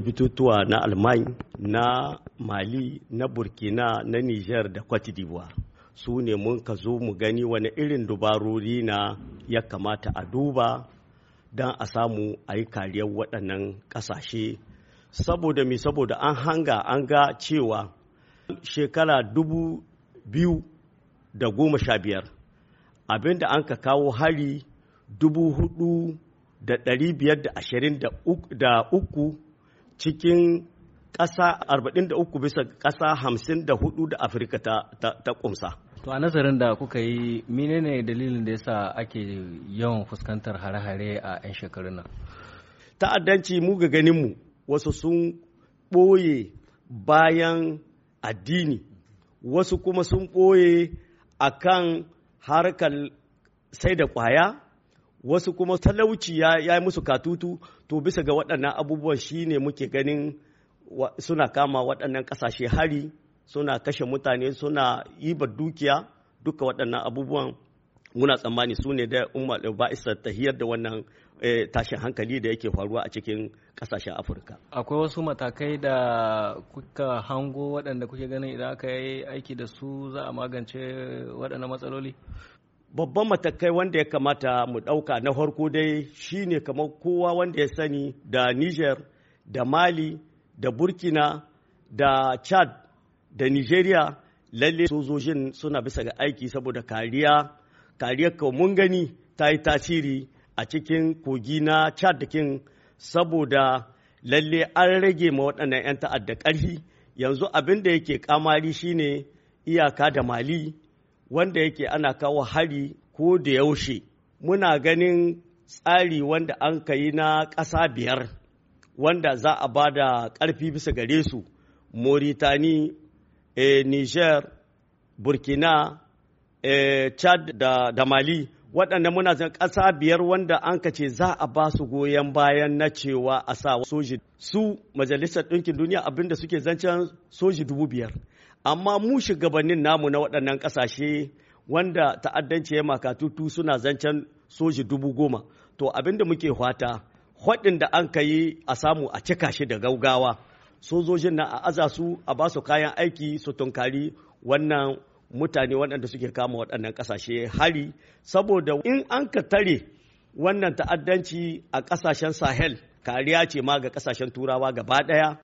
bitutuwa na almai na mali na burkina na niger da cote d'ivoire su ne mun ka zo mu gani wani irin dubarori na ya kamata a duba don a samu a yi kariyar waɗannan ƙasashe saboda mi saboda an hanga an ga cewa shekara dubu biyu da goma sha biyar abinda an ka kawo hari dubu hudu da ɗari biyar da ashirin da uku cikin ƙasa 43 bisa ƙasa 54 da afirka ta, ta, kumsa to a nazarin da kuka yi menene dalilin da yasa ake yawan fuskantar hare-hare a 'yan shekarun nan ta'addanci mu ga ganinmu wasu sun ɓoye bayan addini wasu kuma sun ɓoye a kan harkar sai da ƙwaya wasu kuma talauci ya yi musu katutu to bisa ga waɗannan abubuwan shi ne muke ganin suna kama waɗannan ƙasashe hari suna kashe mutane suna ba dukiya duka waɗannan abubuwan muna tsammani su ne da umar ba'isa tahiyar da wannan eh, tashin hankali da yake faruwa a cikin kasashen afirka akwai wasu matakai da kuka hango waɗanda kuke ganin idan aka yi aiki da su za a magance waɗannan matsaloli babban matakai wanda ya kamata mu ɗauka na farko dai shine kamar kowa wanda ya sani da niger da mali da burkina da chad da nigeria lalle sojojin suna bisa ga aiki saboda kariya kariyar ka mun gani ta yi tasiri a cikin kogi na chad da kin saboda lalle an rage ma waɗannan 'yan ta'adda ƙarfi yanzu abin da yake kamari shine iyaka da mali wanda yake ana kawo hari ko da yaushe muna ganin tsari wanda an ka yi na ƙasa biyar wanda za a ba da ƙarfi bisa gare su Mauritani, e, Niger, Burkina, e, Chad da, da Mali waɗanda muna zan ƙasa biyar wanda an ka ce za a ba su goyon bayan na cewa a sa soji su majalisar ɗinkin duniya abinda suke zancen soji dubu biyar. amma mu shugabannin namu na waɗannan ƙasashe wanda ta'addanci ya makatutu suna zancen soji dubu goma to abinda muke fata hwaɗin da an yi a samu a cika shi da gaugawa sojojin na a aza su a ba su kayan aiki su tunkari wannan mutane waɗanda suke kama waɗannan ƙasashe hari saboda in an ka tare wannan ta'addanci a ƙasashen sahel kariya ce ma ga ƙasashen turawa gaba ɗaya